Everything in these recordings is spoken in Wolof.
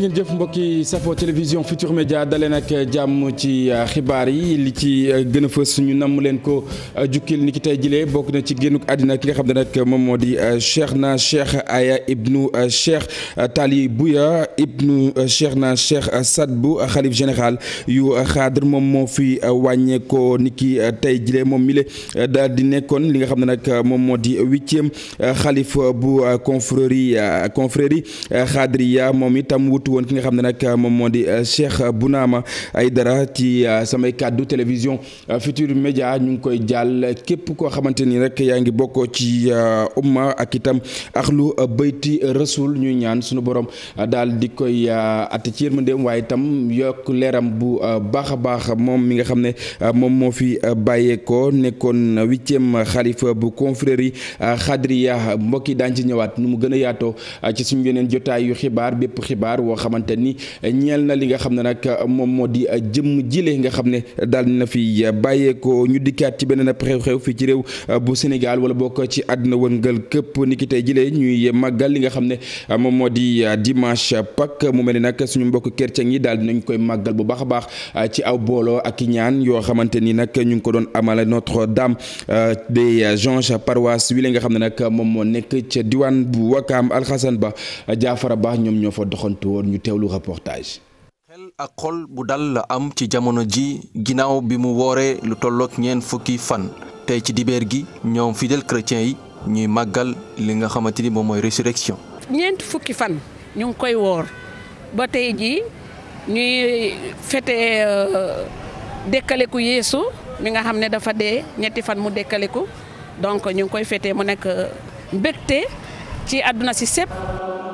ngeen jëf mbokki safo télévision Futur Média daleen ak jàmm ci euh, xibaar yi li ci euh, gën a fës suñu namm leen ko euh, jukkil ni ki tey jilee bokk na ci génn àddina ki nga xam ne nag moom moo di na Cheikh Aya ibnu Cheikh Tali Bouya ibnu Cheikhna Cheikh bu xalif général yu xaadir moom moo fi wàññeekoo ni ki tey jilee moom mi le daal di nekkoon li nga xam ne nag moom moo di huitième xalif bu confrérie confrérie xaadiriya moom itam wutu woon ki nga xam ne nag euh, moom moo di ma ay dara ci euh, samay kàddu télévision euh, Futurs Médias ñu ngi koy jàll képp koo xamante nii rek yaa ngi bokkoo ci umma ak itam ak axlu bayti rasul ñuy ñaan sunu borom daal di koy atte ci yërmandeem waaye itam yokk leeram bu baax a baax moom mi nga xam ne moom moo fi bàyyeekoo nekkoon huitième xalifa bu confrérie xadriya mbokk yi daañu ci ñëwaat nu mu gën a ci suñu yeneen jotaay xibaar bépp xibaar wax xamante ni ñeel na li nga xam ne nag moom moo di jëmm jile nga xam ne daal na fi bàyyeekoo ñu dikkaat ci beneen xew-xew fii ci réew bu Sénégal wala bokk ci àdduna wëngal këpp ni ki tey jile ñuy màggal li nga xam ne moom moo di dimanche Pâques mu mel ni nag suñu mbokk chrétien yi daal dinañ koy màggal bu baax a baax ci aw booloo ak ñaan yoo xamante ni nag ñu ngi ko doon amale Notre-Dame des Jonches paroisse wi la nga xam ne nag moom moo nekk ca diwaan bu Wakaam Alxasan Ba Jaafara Ba ñoom ñoo fa doxantu woon ñu teewlu reportage. xel ak xol bu dal la am ci jamono ji ginnaaw bi mu wooree lu tollook ñeent fukki fan tey ci dibeer gi ñoom fidèles chrétiens yi ñuy màggal li nga xamante ni moom mooy résurrection. ñeent fukki fan ñu ngi koy woor ba tey jii ñuy fete euh, dekkaleku yéesu mi nga xam ne dafa dee ñetti fan mu dekkaleku donc ñu ngi koy fete mu nekk euh, mbégte ci àdduna si sépp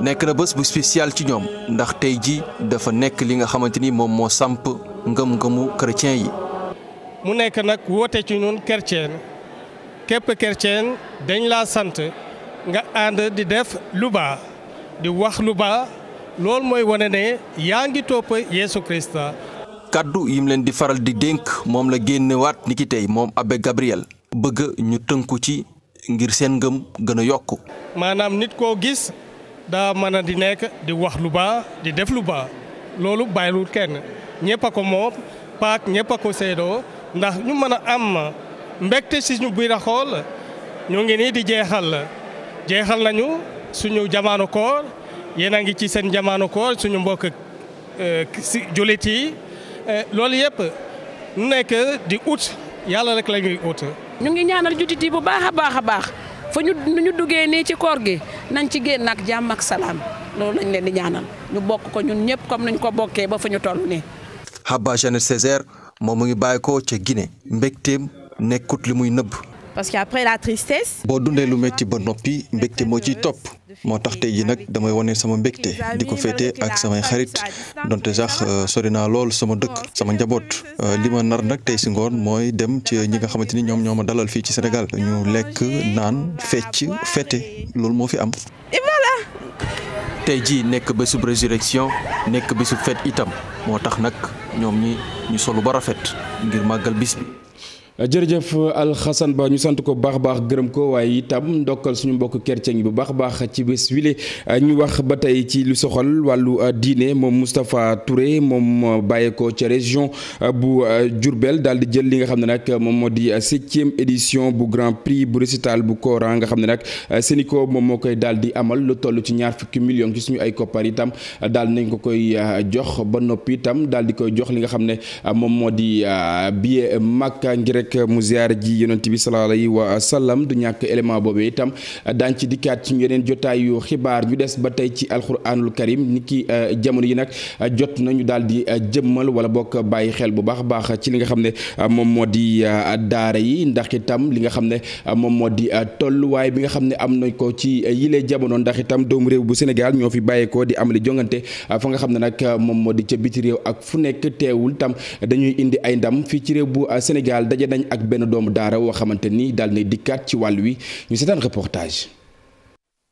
nekk na bés bu spécial ci ñoom ndax tey ji dafa nekk li nga xamante ni moom moo samp ngëm-ngëmu chrétien yi. mu nekk nag woote ci ñun chrétien képp chrétien dañ laa sant nga ànd di def lu baa di wax lu baa loolu mooy wane ne yaa ngi topp Yeesu Krista. kàddu yim leen di faral di dénk moom la génnewaat niki tey moom abbé Gabriel bëgg ñu tënku ci ngir seen ngëm gën a yokk. maanaam nit koo gis. daa mën a di nekk di wax lu baax di def lu baax loolu bàyyiwul kenn ñëpp a ko moom paak ñëpp a ko seedoo ndax ñu mën a am mbégte si ñu biir a ñu ngi nii di jeexal jeexal nañu suñu jamaano koor yéen a ngi ci seen jamaano koor suñu mbokk euh, si jullit yi euh, loolu yëpp nekk di ut yàlla rek la ñuy ut. ñu ngi ñaanal jullit yi bu baax a baax a baax. fa ñu ñu duggee nii ci koor gi nañ ci génn ak jàmm ak salaam loolu lañ leen di ñaanal ñu bokk ko ñun ñëpp comme nañ ko bokkee ba fa ñu toll nii. Haba Jeannette Césaire moom mu ngi bàyyi ko ca Guinée mbégteem nekkut li muy nëbb. parce que après boo dundee lu métti ba noppi mbégte moo ciy topp moo tax tey jii nag damay wane sama mbégte di ko féete ak samay xarit donte sax euh, sori naa lool sama dëkk sama njaboot euh, li ma nar nag tey si ngoon mooy dem ci ñi nga xamante ni ñoom ñoo ma dalal fii ci Sénégal ñu lekk naan fecc fete loolu moo fi am. tey jii nekk bésu résurrection nekk bésu fête itam moo tax nag ñoom ñi ñu solu ba rafet ngir màggal bis bi. jërëjëf Alxasan Ba ñu sant ko baax baax gërëm ko waaye itam ndokkal suñu mbokk kercen yi bu baax baax ci bés wile ñu wax ba tey ci lu soxal wàllu euh, diine moom Moustapha ture moom euh, bàyyeekoo ca région euh, bu Diourbel daal di jël li nga xam ne nag moom moo di septième édition bu grand prix bu récital bu Coran nga xam ne nag Sénico moom moo koy daal di amal lu toll ci ñaar fukki million ci suñu ay koppar itam daal nañ ko koy jox ba noppi itam daal di koy jox li nga xam ne moom moo di billet Makka ngir rek rek mu ziyaar ji yonent bi sallallahu alayhi wa sallam du ci dikkaat ci ñu yeneen jotaayu xibaar ñu des ba tey ci alxuraanul karim ni ki euh, jamono yi nag jot nañu daal di euh, jëmmal wala bokk bàyyi xel bu baax a baax ci li nga xam ne euh, moom moo di daara yi ndax itam li nga xam ne moom moo di tolluwaay bi nga xam ne am nañ ko ci yile jamono ndax itam doomu réew bu Sénégal ñoo fi bàyyeekoo di amali jongante fa nga xam ne nag moom moo di ca biti réew ak fu nekk teewul tam dañuy indi ay ndam fii ci réew bu Sénégal lañ ak benn doomu daara woo xamante ni daal nay dikkaat ci wàll wi ñu seetaan reportage.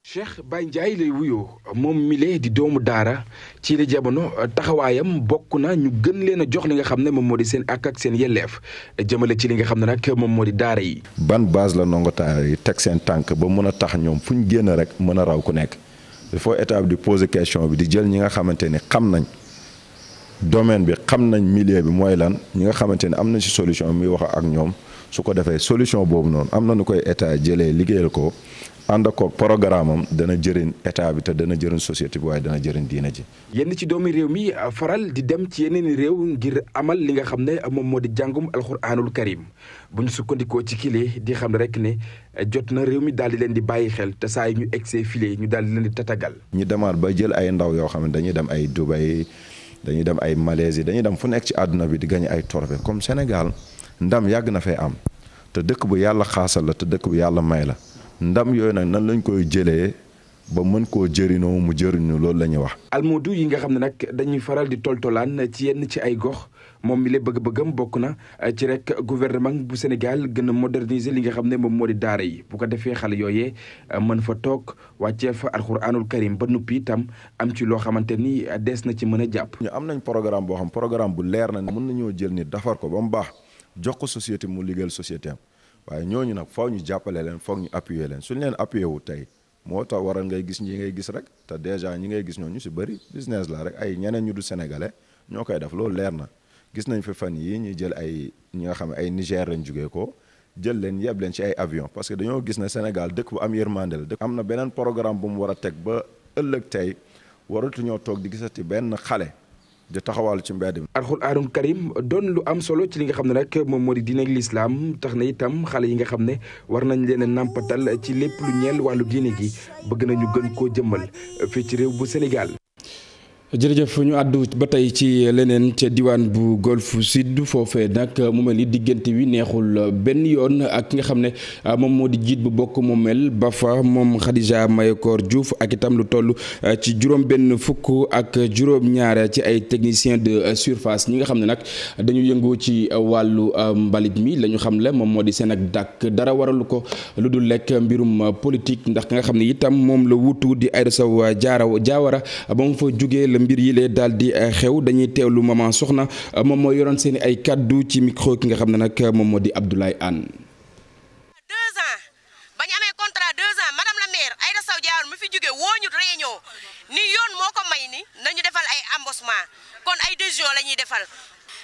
Cheikh Baye Ndiaye lay wuyoo moom mile di doomu daara ci la jamono taxawaayam bokk na ñu gën leen a jox li nga xam ne moom moo di seen ak ak seen yelleef jëmale ci li nga xam ne rek moom moo di daara yi. ban base la ndongo daara yi teg seen tànk ba mën a tax ñoom fu ñu génn rek mën a raw ku nekk il faut état di poser question bi di jël ñi nga xamante ni xam nañ. domaine bi xam nañ milieu bi mooy lan ñi nga xamante ne am na ci solution muy wax ak ñoom su ko defee solution boobu noonu am na nu koy état jëlee liggéeyal ko ànd ak programme am dana jëriñ état bi te dana jëriñ société bi waaye dana jëriñ diina ji. yenn ci doomi réew mi faral di dem ci yeneen réew ngir amal li nga xam ne moom moo di jàngum alxuraanul karim bu ñu sukkandikoo ci kile di xam rek ne jot na réew mi daal di leen di bàyyi xel te saa yi ñu egg see ñu daal di leen di tatagal. ñu demaat ba jël ay ndaw yoo xam ne dañuy dem ay Dubai. dañuy dem ay Malaisie dañuy dem fu nekk ci àdduna bi di gañe ay trophée comme senegal ndam yàgg na fay am te dëkk bu yàlla xaasal la te dëkk bu yàlla may la ndam yooyu nag nan lañ koy jëlee ba mën koo jëriñoo mu jëriñu loolu la ñuy wax. almoodu yi nga xam ne nag dañuy faral di toltolaan ci yenn ci ay gox. moom mi la bëgg-bëggam bokk na eh, ci rek gouvernement bu Sénégal gën a moderniser li nga xam ne moom moo di daara yi bu ko defee xale yooyee eh, mën fa toog wàccee fa alxuraanul karim ba nuppi itam am ci loo xamante nii eh, des na ci mën a jàpp. ñu am nañ programme boo xam programme bu leer na. mën nañoo jël nit defar ko ba mu baax jox ko société mu liggéeyal société am waaye ñooñu nag foog ñu jàppale leen foog ñu appuyer leen suñ leen appuyer wu tey. moo tax waral gis ñi ngay gis rek te déjà ñi ngay gis ñoo ñu ci bëri business la rek ay ñeneen ñu du sénégalais ñoo koy def leer na gis nañ fi fan yi ñuy jël ay ñoo nga xam ne ay Niger lañ jugee ko jël leen yeb leen ci ay avion parce que dañoo gis na Sénégal dëkk bu am yërmande la dëkk am na beneen programme bu mu war a teg ba ëllëg tey waratu ñoo toog di gisati benn xale di taxawal ci mbedd mi. alxuraanul karim doon lu am solo ci li nga xam ne rek moom moo di diine gi lislaam tax na itam xale yi nga xam ne war nañ leen a nàmpatal ci lépp lu ñeel wàllu diine gi bëgg nañu gën koo jëmmal fii ci réew bu Sénégal. jërëjëf ñu àddu ba tey ci leneen ca diwaan bu golf sud foofee nag mu mel ni diggante wi neexul benn yoon ak ki nga xam ne ah, moom moo di jiit bu bokk mu ba fa moom Khadija Mahécor Diouf ak itam lu toll ah, ci juróom benn fukk ak juróom ci ay technicien de surface ñi nga xam ne nag dañu yëngu ci wàllu ah, mbalit mi la ñu xam le moom moo di seen ak dàkk dara waralu ko lu dul lekk mbirum politique ndax ki nga xam ne itam moom la wutu di Aïssata Diawara ba mu fa jugee mbir yi lee daal di eh, xew dañuy teewlu maman soxna eh, moom moo yoroon seen ay kàddu ci micro ki nga xam ne nag eh, moom moo di Abdoulaye Anne. deux ba ñu amee contrat deux ans madame la maire Aïda Sow Diawara mu fi jógee woo ñu réunion ni yoon moo ko may ni nañu defal ay embauchement kon ay décision la ñuy defal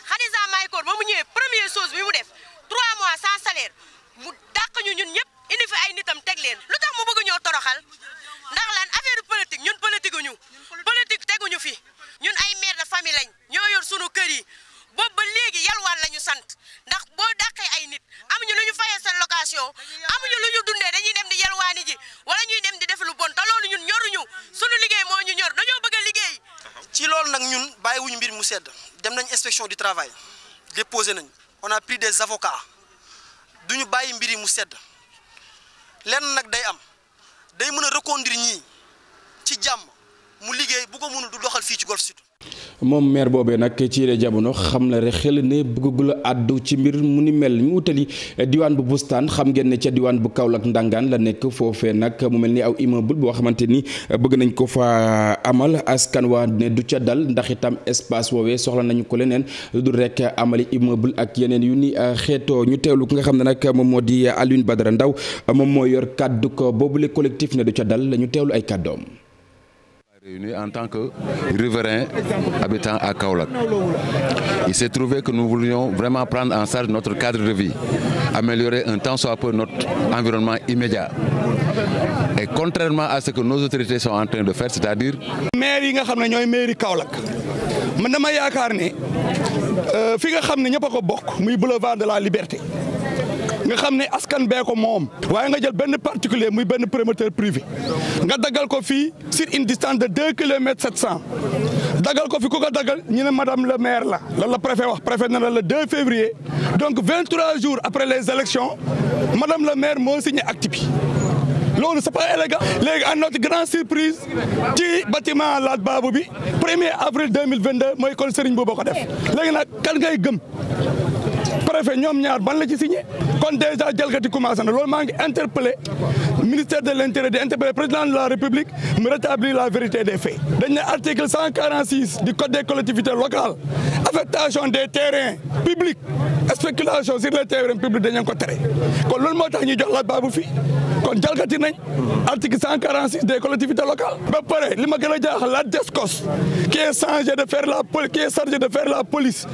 Khadija Mahécor ba mu ñëwee première chose bi mu def trois mois sans salaire mu dàq ñu ñun ñëpp indi fi ay nitam teg leen lu tax mu bëgg toroxal ndax lan affaire politique nekkuñu fi ñun ay mère de famille lañ ñoo yor sunu kër yi boobu ba léegi yalwaan la ñu sant ndax boo dàqee ay nit amuñu lu ñu fayee seen location amuñu lu ñu dundee dañuy dem di yalwaani ji wala ñu dem di def lu bon te loolu ñun ñoruñu sunu liggéey moo ñu ñor dañoo bëgg a liggéey. ci loolu nag ñun bàyyiwuñu mbir mu sedd dem nañ inspection du travail déposé nañ on a pris des avocats duñu bàyyi mbir yi mu sedd lenn nag day am day mën a reconduire ñi ci jàmm. mu liggéey bu ko mënul du moom maire boobee nag ci yile jamono xam na rek xel ne bëggagul àddu ci mbir mu ni mel ñu utali diwaan bu bustaan xam ngeen ne ca diwaan bu Kaolack ndàngaan la nekk foofee nag mu mel ni aw immeuble boo xamante ni bëgg nañ ko fa amal askan waa ne du ca dal ndax itam espace woowee soxla nañu ko leneen du dul rek amali immeuble ak yeneen yu ni euh, xeetoo ñu teewlu ki nga xam ne nag moom moo di euh, Alioune Badara Ndaw moom moo yor kàddu ko boobule collectif ne du ca dal la ñu teewlu ay kàddoom. réunis en tant que riverains habitants à Kaolack. Il s'est trouvé que nous voulions vraiment prendre en charge notre cadre de vie, améliorer un tant soit peu notre environnement immédiat. Et contrairement à ce que nos autorités sont en train de faire, c'est-à-dire maire yi nga xam ne ñooy mairie Kaolack man dama yaakaar ne euh, fi nga xam ne ñëpp a ko bokk boulevard de la liberté nga xam ne askan bee ko moom waaye nga jël benn particulier muy benn promoteur privé nga daggal ko fii sur une distance de deux kilomètres sept cent daggal ko fi ko ko daggal ñu ne madame le maire la lan la préfet wax préfet na la le 2 février donc 23 jours après les élections madame le maire moo signé acte bi loolu c'est pas élégant léegi an notre grande surprise ci bâtiment laat baabu bi 1er avril 2022 mooy kon Serigne boobu ko def léegi nag kan ngay gëm préfet ñoom ñaar ban la ci signé kon déjà jalgati commencé na loolu maa ngi interpellé ministère de l' intérieur interpellé président de la république mu rétablir la vérité des faits. dañ ne article cent quarante six du code des collectivités locales affectation des terrains publics spéculation sur les terrains publics dañu ko tere kon loolu moo tax ñuy jox la baabu fii kon jalgati nañ article cent quarante six ba pare li ma gën a jaaxal la DSCOS qui est chargé de faire la qui est chargé de faire la police.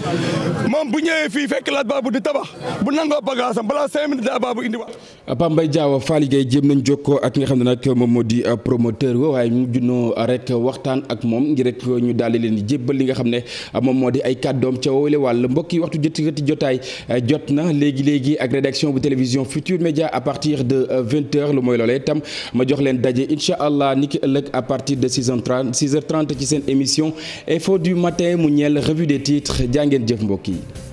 moom bu ñëwee fii fekk laaj baabu di tabax bu nangoo bagaasam balaa cinq minutes daa baabu indi waat Pape Mbaye Diaw Faly jéem nañ jokkoo ak nga xam ne nag moom moo di euh, promoteur wa waaye ñu junnoo euh, rek waxtaan ak moom ngir rek ñu daal di leen di jébbal li nga xam ne euh, moom moo di ay kàddoom ca woowule wàll mbokk yi waxtu jëtikati jotaay jot na léegi-léegi ak rédaction bu télévision Futur Média à partir de vingt heures lu mooy loolee itam ma jox leen daje incha allah ni ki à partir de six heures trente six seen émission info du matin mu ñeel revue jëf mbokk yi